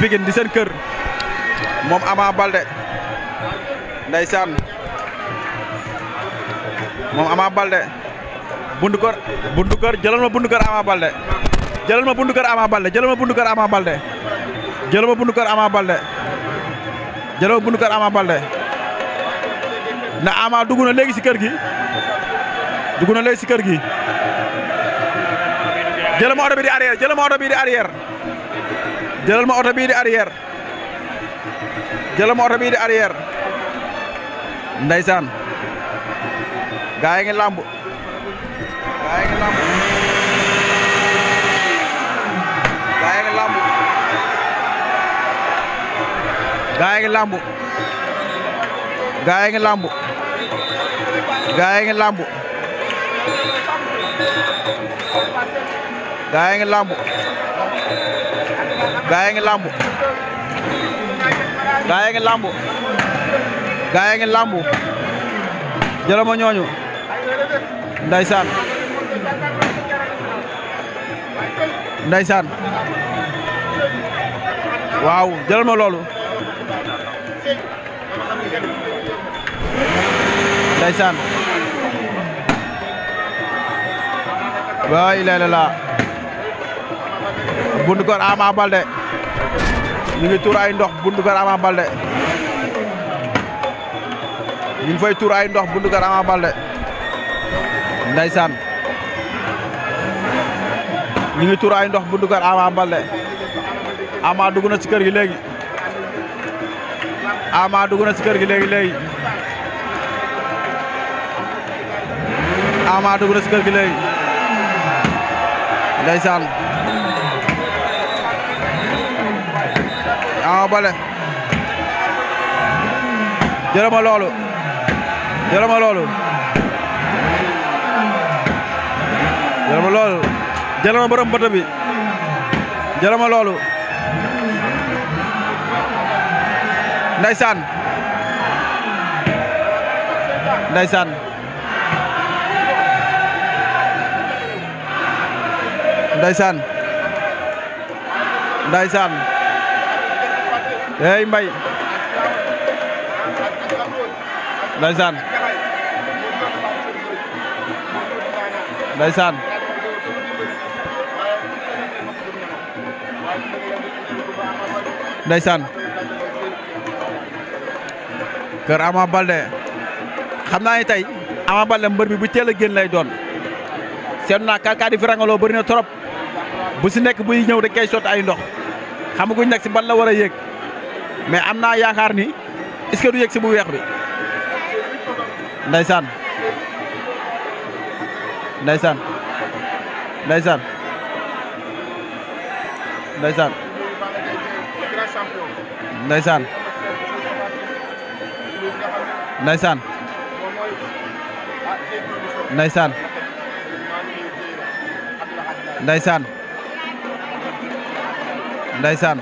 ci di seen kër moom Ama Baldé ndeysaan moom Ama Baldé bundu kër bundu kër jëlal ma bundu kër Ama Baldé jëlal ma bundu kër Ama Baldé jëlal ma bundu kër Ama Baldé jëlal ma bundu dugg na léegi ci kër gi dugg na léegi ci kër gi jëlal ma oto bi di arrière jëlal ma oto bi jëlal ma oto bii di arrière jëlal ma oto bii di arrière ndeysaan gaa yi ngi làmb gaa yi ngi làmb gaa yi ngi làmb gaa yi ngi làmb gaa ngi làmb gaa yi ngi làmb gaa yi ngi làmb gaa yi ngi làmb jëlama waaw jëlal ma loolu ndaysaan waa ilaa la buntu kër Ama Baldé ñu ngi tuur ay ndox buntu kër Ama Baldé ñu fay tuur ay ndox buntu kër Ama Baldé ndeysaan ñu ngi tuur ay ndox buntu kër Ama Baldé Ama dugg na ci kër gi léegi Ama dugg na ci kër gi léegi léegi Ama dugg na ci gi léegi ndeysaan Ama Baldé jëlama loolu jëlama loolu jëlama loolu jëlama borom bët bi jëlama loolu ndaysaan ndaysaan ndaysaan eey mbay ndeysaan ndeysaan ndeysaan kër Ama Baldé xam naa ni tey Ama Baldé mbër bi bu teel a génn lay doon seetlu naa kàrkaar yi fi rangaloo bëri na trop bu si nekk buy ñëw rek kay ay ndox xamaguñ nekk si ban la war a yéeg. mais am naa yaakaar ni est du yëg si bu weex bi ndeysaan ndeysaan ndeysaan ndeysaan ndeysaan ndeysaan ndeysaan ndeysaan ndeysaan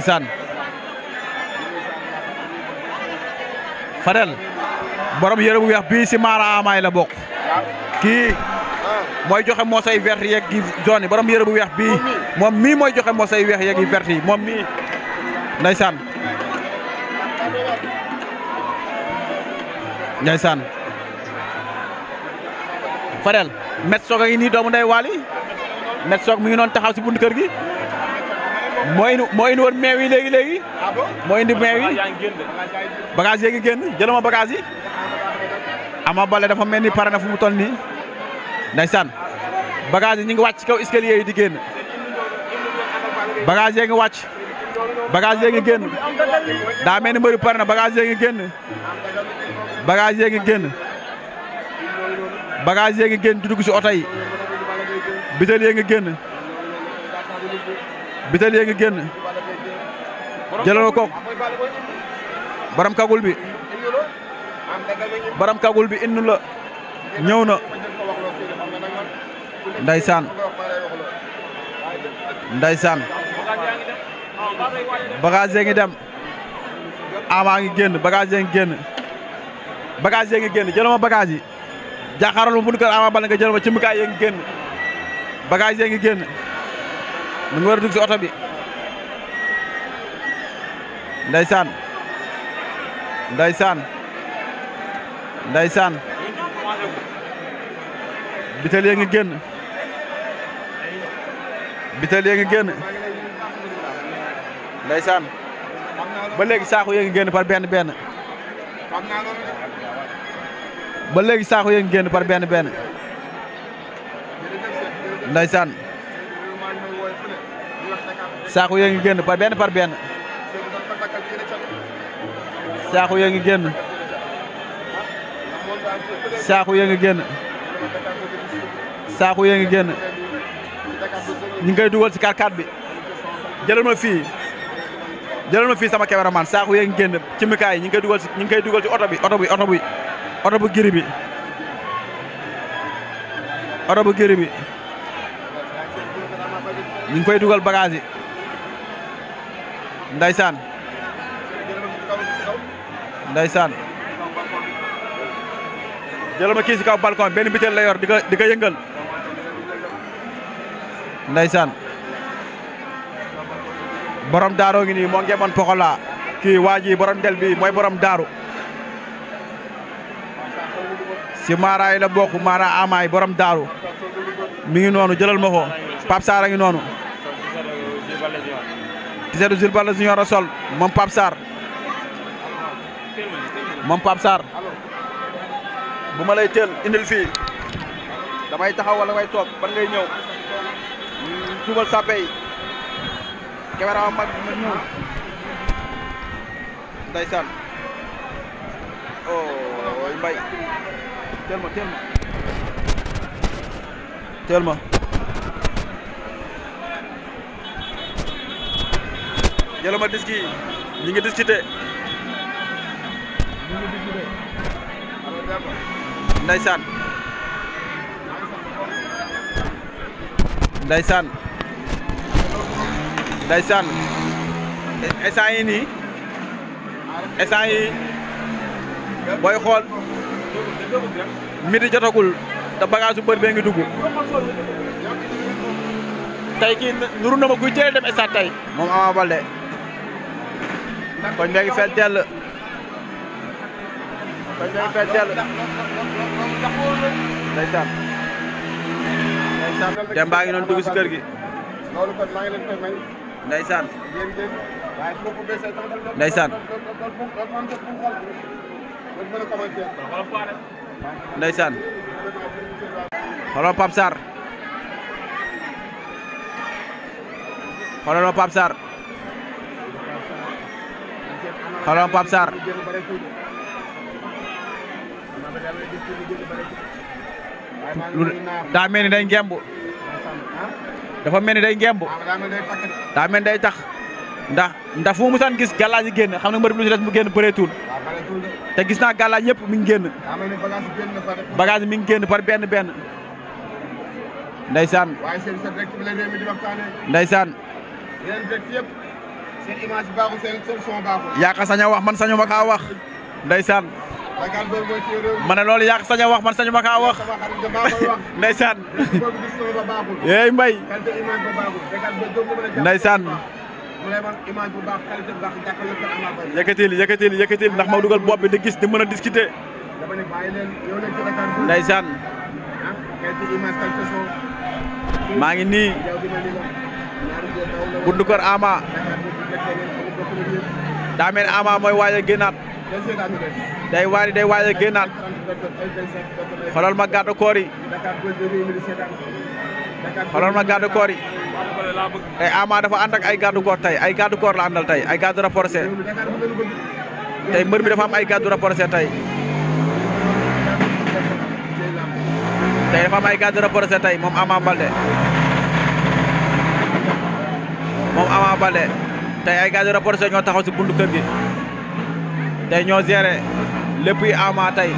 saan Fadel borom yére bu weex bii si maaraamaay la bokk kii mooy joxe moosay vert yeeg gi zone yi borom yére bu weex bii moom mii mooy joxe moosay weex yeeg yi vert yi moom mii ndeysaan ndeysaan Fadel met soog a ngi nii doomu ndey waali met soog mi ngi noon taxaw ci bunt kër gi moo indi moo indi woon meew yi léegi léegi. Ah moo indi meew yi bagage yi génn jëlal ma yi. Ama bale dafa mel ni pare na fu mu toll nii. ndeysaan bagage yi ñu ngi wàcc kaw escalier yi di génn. bagage yi ngi wàcc. bagage yi ngi génn. daa mel ni mbëri pare na bagage yi génn. bagage yi génn. bagage yi génn di dugg si oto yi. bitel yi ngi génn. bitel yee ngi génn jëlal ko baram kagul bi baram kagul bi innu la ñëw na ndaysaan ndaysaan bagage yee ngi dem ama ngi génn bagage ngi génn bagage yee ngi génn jëlal ma bagage yi jaaxaaral ma génn bagage yee génn mu ngi war a dugg oto bi ndeysaan ndeysaan ndeysaan bitel yee ngi génn bitel yee ngi génn ndeysaan ba léegi saako yee ngi génn par benn benn ba léegi saako yee ngi génn par benn benn ndeysaan saako yaa ngi génn par benn par benn saako yaa ngi génn saako yaa ngi génn saako yaa ngi génn ñu ngi koy dugal ci karkat bi jëlal ma fii jëlal ma fii sama cameraman saako yaa ngi génn ci mikaay ñu koy dugal si ñu ngi koy dugal ci oto bi oto bi oto bi oto bu giri bi oto bu giri bi ñu ngi koy dugal bagage yi Ndeysaan Ndeysaan jëlal ma kii si kaw balcon benn bitel la yor di ko di ko yëngal Ndeysaan borom daaroo ngi nii moo ngeemoon poxola kii waa ji borom del bi mooy borom daaru si maaraay la bokk maara amaay borom daaru mi ngi noonu jëlal ma ko Pape noonu Tisseetu Jules Balla Junior sol moom Pape Sarr moom Pape Sarr bu ma lay indil fii damay taxaw wala may toog ban ngay ñëw tuubal hmm, sàppe yi caméra ma ñëw ndeysaan ooy mbay teel ma teel ma teel ma Jëluma disque yi ñu ngi discuter. ñu ngi discuter. Ndeysaan. Ndeysaan. Ndeysaan. instant yii nii instant yii booy xool midi jotagul te bagage bu ngi dugg. tey kii nuru na ma kuy teel dem stade tey moom Ama Baldé koñ léegi fees dell koñ léegi fees dell ndeysaan ndeysaan dem baa ngi noonu dugg si kër gi loolu kon maa ngi leen koy may ndeysaan ndeysaan ndeysaan xoolal Pape Sarr xoolal Pape Sarr xoolal Pape Sarr daa mel ni day ngemb dafa mel ni day ngemb daa mel ni day tax ndax ndax fu mu san gis gàllaaj yi génn xam na mbër bi mu génn bëreetul te gis naa gàllaaj yëpp mi ngi mi ngi génn par benn benn seen image baaxul seen sañ a wax man sañu ma kaa wax. ndeysaan. ragal boobu mooy ci réew mi. ma ne sañ a wax man sañu ma kaa wax. ndeysaan. yeey mbay. ndeysaan. yëkkatil yëkkatil yëkkatil ndax ma dugal bopp bi di gis di mën a discuter. ndeysaan. Ah, maa ngi nii. Bundu Kër Ama. daa mel ne Ama mooy waaj a génnaat day waari day waaj a génnaat ma gàddu koor yi ma gàddu koor yi tey eh, dafa ànd ay gàddu koor tey ay gàddu koor la àndal tay ay gàddu rapporté tey mbër mi dafa am ay gàddu rapporté tey tey dafa ay gàddu rapporté tey moom Ama Baldé moom Ama Baldé tey ay gaz rapporté ñoo taxaw si buntu kër gi tey ñoo géré lépp yi Ama tey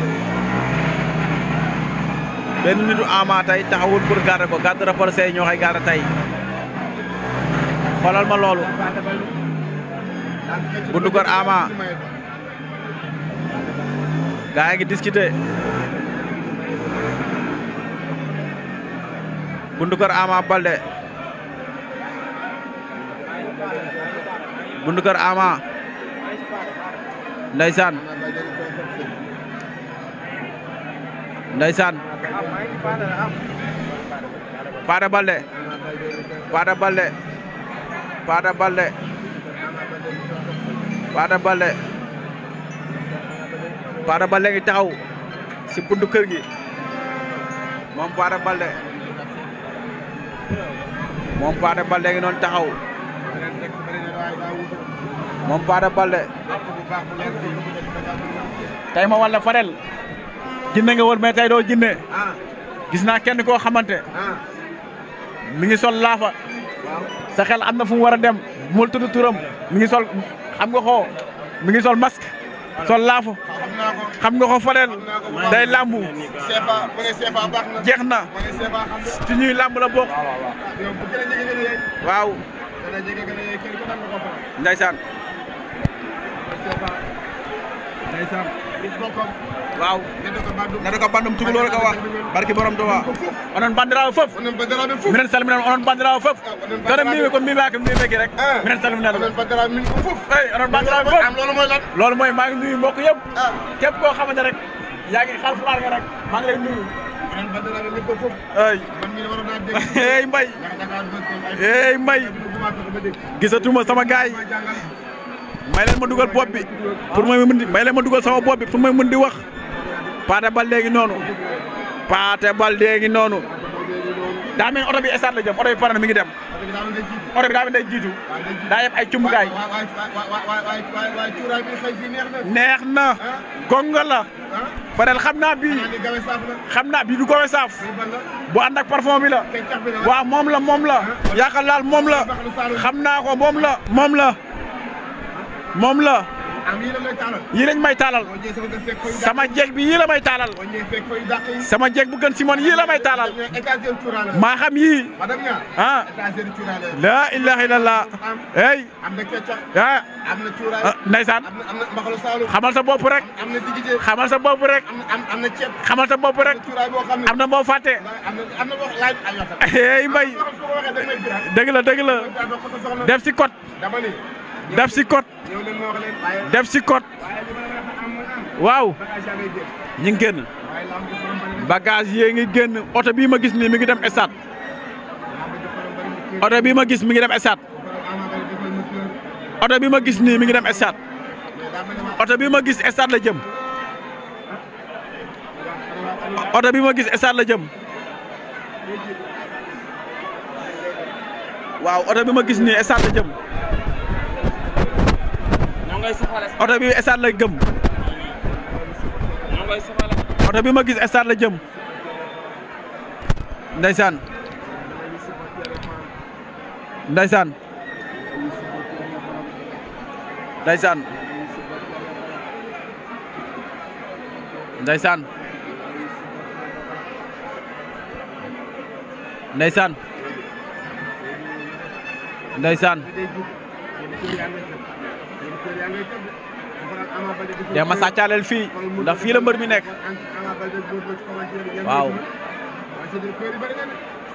benn nitu Ama tey taxawul pour garder ko garde rapporté ñoo koy garder tey xoolal ma loolu buntu kër Ama gaa yi buntu kër Ama Baldé bundu kër Ama ndeysaan ndeysaan Paada Balde Paada Balde Paada Balde Paada Balde Paada Balde ngi taxaw si buntu kër gi moom Paada Balde moom Paada Balde ngi noon taxaw moom Paate Balde tey ma walla Fadel jinne nga woon mais tay doo jinne gis naa kenn koo xamante mi ngi sol laafa sa xel am na fu war a dem mul tudd turam mi ngi sol xam nga ko mi ngi sol masque sol laafa xam nga ko Fadel day làmbu jeex na ci ñuy làmb la waaw Ndeysaan. Ndeysaan. waaw. nade ko bandum tukulóor ka wax barki borom Tuubaa onon bandiraɓe fof minen salminan onon bandiraɓe fof toɗen mbimi ko mbimaki mbimeki rek minen salminan onon bandiraɓe fof loolu mooy maa ngi nuyu mbokk yëpp ah. képp koo xamante rek yaa ngi xalfulaar nga rek maa ngi ay ay mbay ay mbay gisatuma sama gaay may leen ma dugal bopp bi pour may mën may leen ma dugal sama bopp bi pour may mën di wax paate bal léegi noonu paate bal léegi noonu daa mel oto bi estaat la jëm oto bi pare na mi ngi dem oto bi daa mel day jiitu daa yëpp ay cumbukaay neex na gonga Fadel xam naa bii xam naa bii du gawe saaf bu ànd ak parfum bi a waaw moom la moom la yaakaar laal moom la xam naa ko moom la moom la moom la yii lañ may taalal sama jeeg bi yii la may taalal sama jeeg bu gën si man yii la may taalal maa xam yii ah laa ilaaha illallah hey ah ndeysaan xamal sa bopp rek xamal sa bopp rek xamal sa bopp rek am na boo fàtte hey mbay dëgg la dëgg la def si kot. def si kot def si kot waaw ñu génn bagage yee ngi génn oto bii ma gis nii mi ngi dem stade oto bii ma gis mi ngi dem stade oto bii ma gis nii mi ngi dem stade oto bii ma gis stade la jëm oto bi ma gis stade la jëm waaw oto bi ma gis nii stade la jëm oto bi stade la gëm oto bi ma gis stade la jëm ndeysaan ndeysaan ndeysaan ndeysaan ndeysaan ndeysaan Demba sàccaaleel fii ndax fii la mbër mi nekk waaw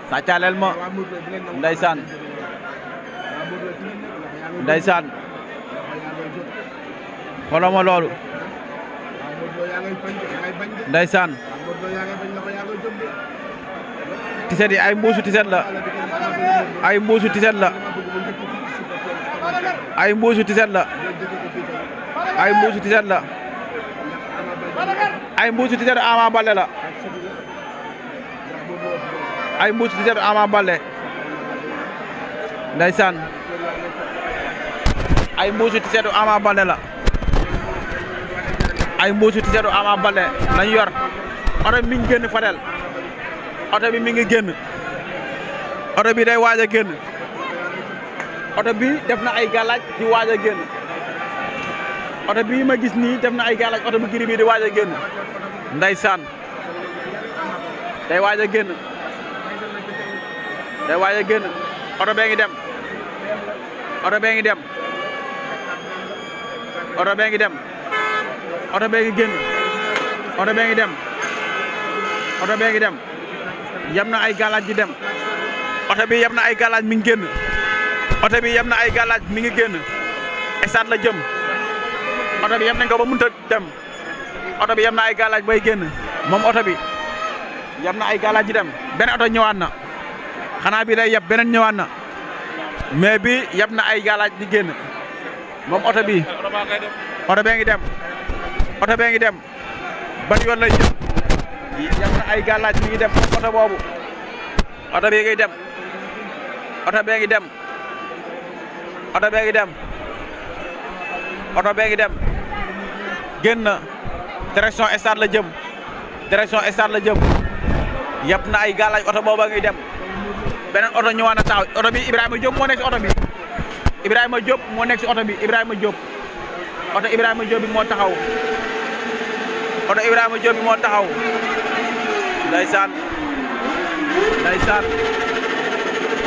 sàccaaleel ma ndeysaan ndeysaan xoloma loolu ndeysaan tiset yi ay mbuusu tiset la ay mbuusu tiset la ay mbuusu tiset la ay mbuusu tiset la ay mbuusu tiset Ama Baldé la ay mbuusu tiset bale Baldé ndeysaan ay mbuusu tiset Ama Baldé la ay mbuusu tiset Ama bale lañ yor oto bi mi génn Fadel oto bi mi ngi génn oto bi day waaj génn oto bi def na ay galaaj di waaj génn oto bii ma gis ni dem na ay gaal ak oto bu giri bii di waaj a génn ndeysaan day waaj a génn day waaj génn oto bee dem oto bee ngi dem oto bee ngi dem génn oto bee dem oto bee ngi dem yem na ay galaaj di dem oto bi yem na ay galaaj mi génn oto bi yem na ay galaaj mi ngi génn estaat la jëm oto bi yem nañ ko ba mënut a dem oto bi yem na ay galaaj bay génn moom oto bi yem na ay galaaj ji dem beneen oto ñëwaat na xanaa bi day yeb beneen ñëwaat na mais bi yeb na ay galaaj di génn moom oto bi oto bee ngi dem oto bee ngi dem ban yoon lay jëm yeb na ay galaaj mi ngi dem oto boobu oto bee ngi dem oto bee ngi dem oto bee ngi dem oto bee ngi dem génn na direction stade la jëm direction stade la jëm yëpp na ay gàllaaj oto booba ngi dem beneen oto ñëwaat na taaw oto bi Ibrahima Diop moo oto bi Ibrahima moo nekk si oto bi Ibrahima Diop oto Ibrahima moo taxaw oto Ibrahima Diop bi moo taxaw ndeysaan ndeysaan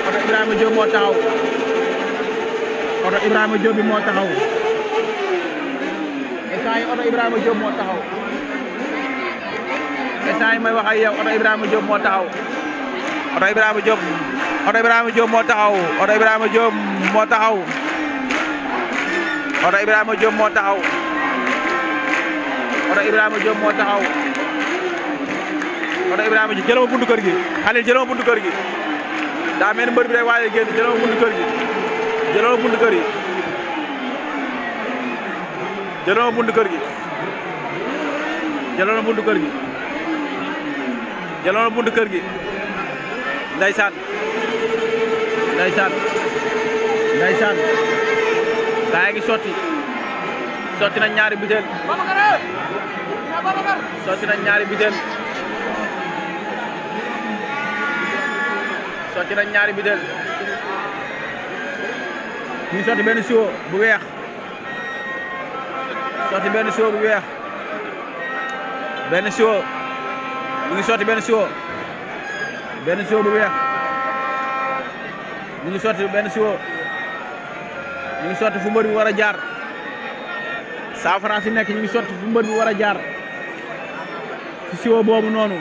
oto Ibrahima Diop moo moo taxaw instant yi oto Ibrahima Diop moo taxaw instant yi may wax ak yow oto Ibrahima Diop moo taxaw oto Ibrahima Diop oto Ibrahima Diop moo taxaw oto Ibrahima Diop moo taxaw oto Ibrahima Diop moo taxaw oto Ibrahima Diop moo taxaw oto Ibrahima Diop jëlama buntu kër gi Khalil jëlama buntu kër gi daa mel ni mbër bi day waaye génn jëlama buntu kër gi jëlama buntu kër yi jëloon na buntu kër gi jëloon na buntu kër gi jëloon na buntu kër gi ndeysaan gaa yi ngi sotti sotti nañ ñaari butéel sotti nañ ñaari butéel sotti nañ ñaari butéel ñu sotti benn siwo bu weex sotti benn siwo bu weex benn siwo mu ngi sotti benn siwo benn siwo bu weex mu ngi sotti benn siwo ñu ngi sotti fu mbër mi war a jaar saa France yi nekk ñu ngi sotti fu mbër bi war a jaar ci boobu noonu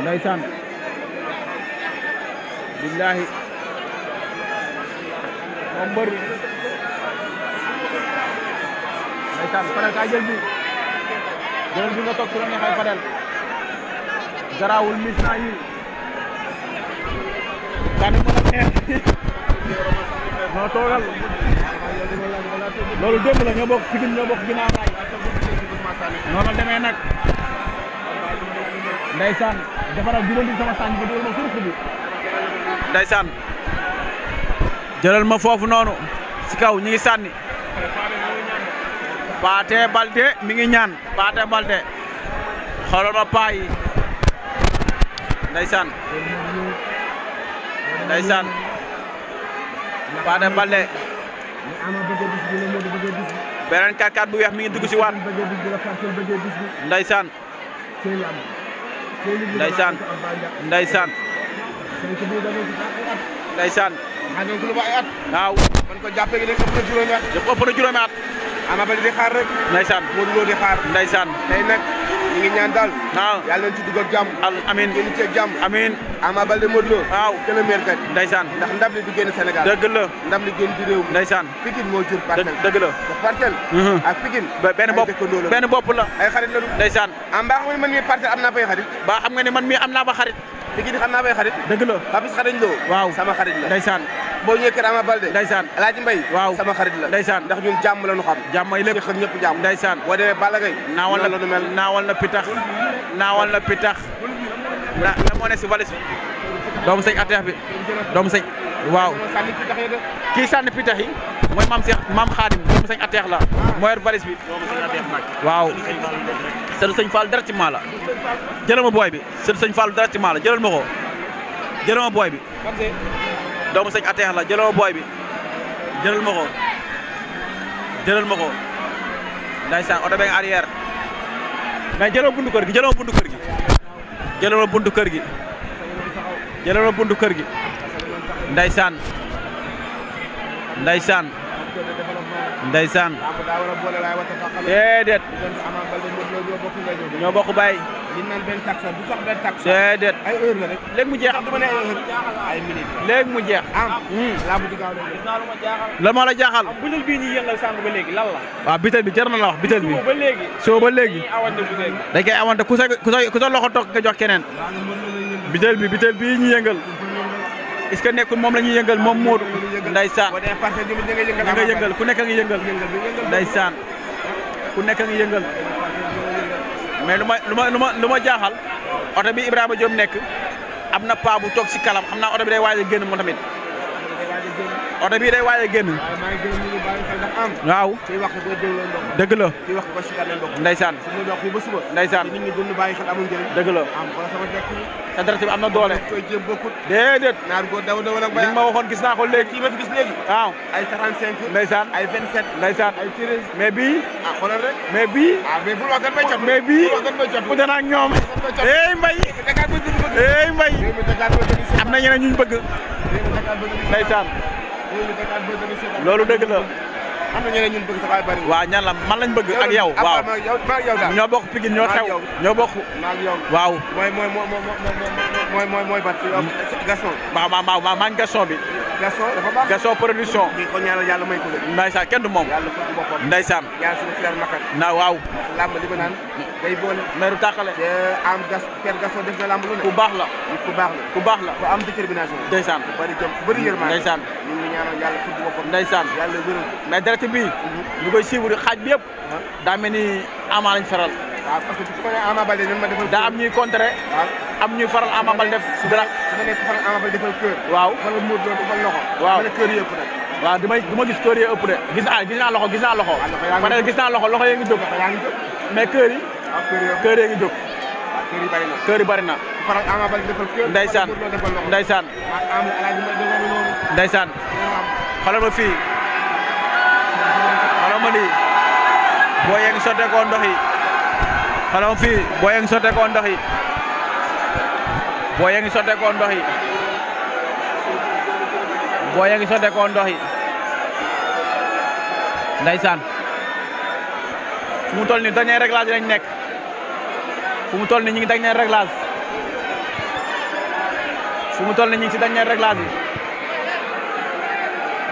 ndeysaan billaahi moom ndeysaan Fadel kaay jël bi jëlal noo toogal loolu démb la ñoo bokk Pikine ñoo bokk ginnaaw raay noonu la demee nag ndeysaan defaral jubanti sama sànni ba dugal ma suruf bi ndeysaan ma foofu noonu si kaw ñi ngi sànni Pathé Baldé mi ngi ñaan Pathé Baldé xoolal ma paa yi ndeysaan ndeysaan Pathé Baldé beneen kàkkaat bu weex mi ngi dugg si waat ndeysaan ndeysaan ndeysaan ndeysaan waaw man ko jàppee gi rek ëpp na juróomi at ëpp na juróomi at Ama Baldé di xaar rek. ndeysaan Modou Lo di xaar. ndeysaan tey nag ñu ngi ñaan daal. waaw yàlla nañ ci dugg ak jàmm. amiin génn ci ak jàmm. amiin Ama Baldé Modou Lo. waaw gën a meer kat. ndeysaan ndax ndam li du génn Sénégal. dëgg la ndam li génn ci réew mi. ndeysaan Pikine moo jur Parcelles. dëgg la te Parcelles. Mhm. ak Pikine. benn bopp benn bopp la. ay xarit la du. ndeysaan. ah mbaa xam nga ni man mii Parcelles am naa fay xarit. mbaa xam nga ni man mii am naa fa xarit Pikine di xam naa bay xarit dëgg la Papis xarañ loo waaw sama xarit la ndeysaan boo ñëwee kër Ama Balde ndeysaan Alaaji Mbay waaw sama xarit la ndeysaan ndax ñun jàmm la ñu xam jàmm ay lépp xam ñëpp jàmm saan boo demee Balla Gaye naawal na lu mel naawal na pitax naawal na pitax la moo ne si valise bi doomu sëñ ateex bi doomu sëñ waaw kii sànni pitax yi mooy maam Seex maam Xaadim doomu sëñ ateex la mooy valise bi waaw seen sëñ Fall directement la jëlal ma booy bi seen sëñ Fall directement la jëlal ma ko jëlal ma booy bi doomu sëñ ateex la jëlal ma booy bi jëlal ma ko jëlal ma ko ndaysaan oto bee arrière mais jëlal buntu kër gi jëlal ma buntu kër gi jëlal ma buntu kër gi jëlal ma buntu kër gi ndaysaan ndaysaan ndeysaan déedéet ñoo bokk bàyyi liñ naan benn tax du sax benn tax déedéet ay heure la rek léegi mu jeex ay minute mu jeex am la bu digaaw la jaaxal buñu bi ñi yëngal sànq ba léegi lan la waaw bitel bi jar na la wax bitel bi ba léegi soo ba léegi dañ koy awante ku sa ku sa loxo toog nga jox keneen bitel bi bitel bi ñu est-ce que nekkul moom la ñuy yëngal moom Modou ndeysaan ñi nga yëngal ku nekk a ngi yëngal ku nekk a ngi yëngal mais lu ma lu ma lu ma jaaxal oto bi Ibrahima Diop nekk am na paa bu toog si kalam xam naa oto bi day waaj a génn moom tamit oto bii day waaj a génn. waaw. dëgg la. ndeysaan. ndeysaan. dëgg la. sa dara bi am na doole. déedéet. li ma waxoon gis naa ko léegi. waaw. ay 35. ndeysaan. ay 27. ndeysaan. ay 13. mais bii. ah xoolal mais bii. Ah, mais bu la gën may jot. mais bii. bu dana ak ñoom. eh Mbaye. eh Mbaye. am na ñeneen ñu ñu bëgg. ndeysaan. loolu dëgg la. am na ñeneen ñun bëgg sax ay ñan la man lañ bëgg ak yow. waaw ñoo bokk Pikine ñoo xew. ñoo bokk. waaw. mooy mooy mooy mooy mooy mooy bat Gaston. waaw waaw waaw maa ngi Gaston bi. Gaston dafa baax Gaston production. di ko ñaanal yàlla may ko de. kenn du moom. yàlla fukki boppam Ndeysaan. yàlla suñu frère Makan. na waaw. làmb li ma naan day boole. meeru tàqale. te am gas père Gaston def na làmb lu ne. ku baax la. ku baax la ku baax la. ku am détermination. Ndeysaan ku bëri jom ku bëri yërmande. Ndeysaan. ñaanal yàlla fudd boppam ndeysaan yàlla wéral mais direct bii mhm. ñu koy suivre xaaj bi yëpp ah. daa mel ni Ama lañ faral waaw parce que su ma nee Ama Baldé ñun ma defal daa am ñuy contrer am ñuy faral Ama Baldé def dara su ma nee faral Ama Baldé defal kër waaw wala muur doon defal loxo waaw ma ne kër yëpp nag waaw damay du ma gis kër yi ëpp gis naa loxo gis naa loxo loxo yi ngi jóg mais kër yi kër ah, yi ngi jóg kër ah, yi bari na kër yi bari na faral Ama Baldé defal kër ndeysaan ndeysaan xoolal ma fii xoolal ma lii boo yeeg sotteekoo ndox yi xoolal ma fii boo yeeg sotteekoo ndox yi boo yeeg sotteekoo ndox yi boo yeeg sotteekoo ndox yi ndaysaan fu mu toll nii dañuy réglage lañ nekk fu mu tol ni ñu ngi dañuy réglage fu mu toll nii ñu si dañuy réglage yi.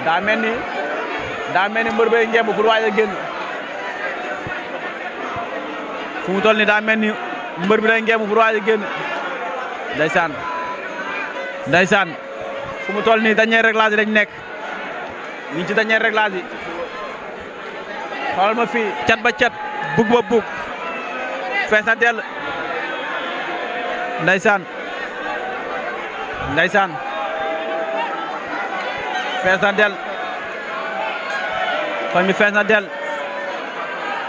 daa mel ni daa mel ni mbër bay ngemb pour waaj génn fu mu toll ni daa mel ni mbër bi day ngemb pour waaj a génn ndeysaan ndeysaan fu mu toll nii dañee réglage lañ nekk ñu ci dañee réglage yi xoolal ma fii cat ba cat bug ba bug fees na dell ndeysaan fees na del koñ bi fees na del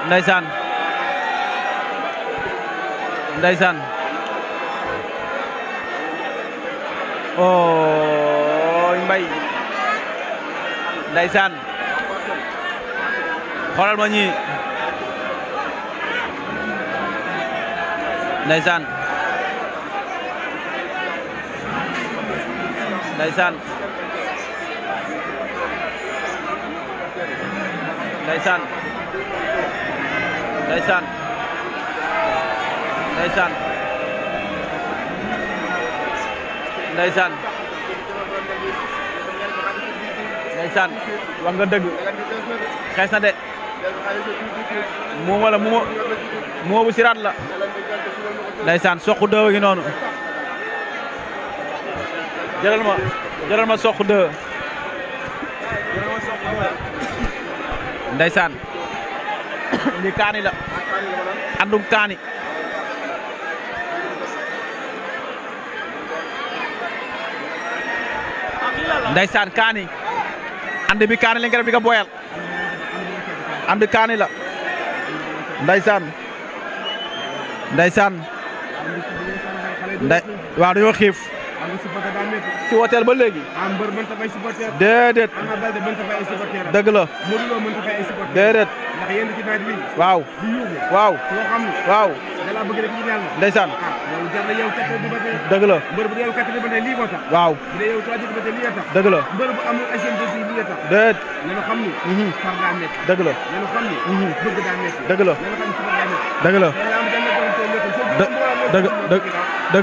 ndeysaan ndeysaan ooy mbay ndeysaan xoolal ma ñii ndeysaan ndeysaan ndeysaan ndeysaan ndeysaan ndeysaan wanga wax nga dëgg xees de moom wala moom moo bu siraat la ndeysaan soq dëw gi noonu jëlal ma jëlal ma soq dëw ndeysaan li kaani la andum kaani ndeysaan kaani and bi kaani lañ ko def di boyal and kaani la ndeysaan ndeysaan nday waaw dañoo xiif si woteel ba léegi. ah a fay supporter. déedéet. Ama Baldé mënut a fay ay supporter. dëgg la. Modou Lo a fay ay supporter. déedéet. ndax yéen ci nawet bi. waaw. di da laa bëgg rek ñu yàlla. ndeysaan. ah loolu jar na yow quatre bi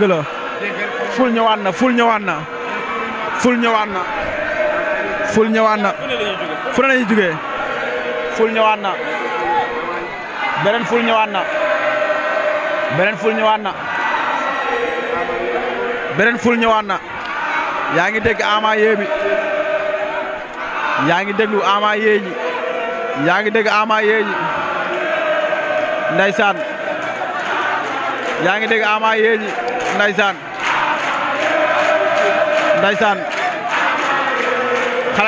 mhm. mhm. ful ñëwaat na ful ñëwaat na ful ñëwaat na ful ñëwaat na fu ne la ñuy jugee ful ñëwaat na beneen ful ñëwaat na beneen ful ñëwaat na beneen ful ñëwaat na yaa ngi dégg ama yee bi yaa ngi déglu ama yee ji yaa ngi dégg ama yee ji ndaysaan yaa ngi dégg ama yee ji ndaysaan ndaysaan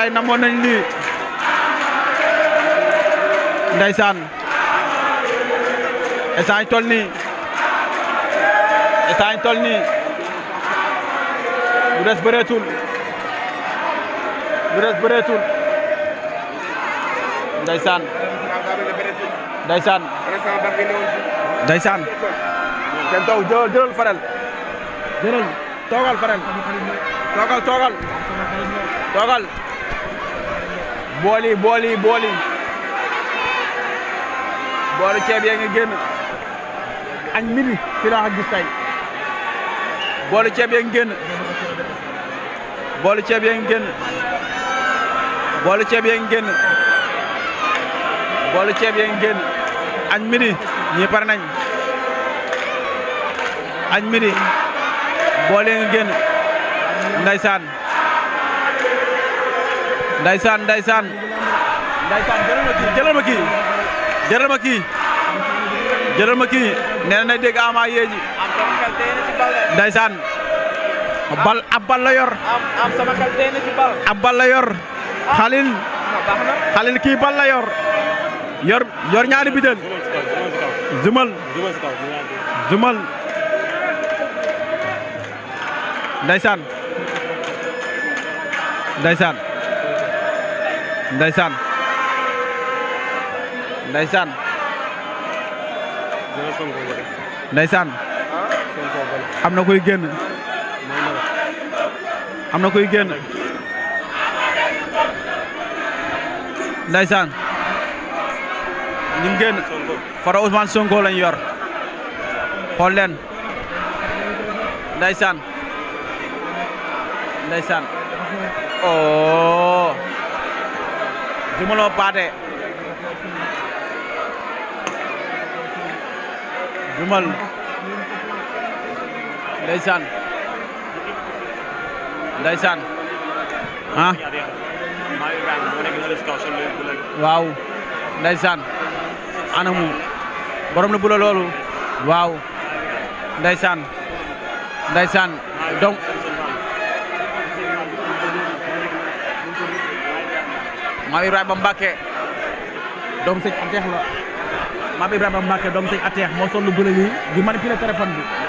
waaye namoon nañ lii ndeysaan esaan tol nii esaan tol nii bu des bëreetul bu des bëreetul ndeysaan ndeysaan ndeysaan kenn taw jëlal jëlal faral jëlal toogal faral toogal toogal toogal booli booli booli boolu ceeb yaa ngi génn añ midi si laa gis tey boolu ceeb yaa ngi génn boolu ceeb yaa ngi génn boolu ceeb yaa ngi génn boolu ceeb yaa génn añ midi ñii par nañ añ midi bool yaa ngi génn ndeysaan ndaysaan ndaysaan ndaysaan jëlal ma kii jëlal ma kii jëlal ma kii jëlal ma kii nee na la yor ab la yor ah. Ah, xalil kii bal la yor yor yor ñaari bidel zumal zumal ndaysaan ndaysaan ndeysaan ndeysaan ndeysaan am na koy génn am na koy génn ndeysaan ñu ngi génn fara Ousmane Sonko lañ yor xool leen ndeysaan ndeysaan oh jumaloo paate jumal ndeysaan ndeysaan ah waaw ndeysaan anamu borom la bula loolu waaw ndeysaan ndeysaan donc maam Ibrahima Mbacke doomu sëñ Ateex la maam Ibrahima Mbacke doomu sëñ Ateex moo sol lu bële lii di manipuler téléphone bi.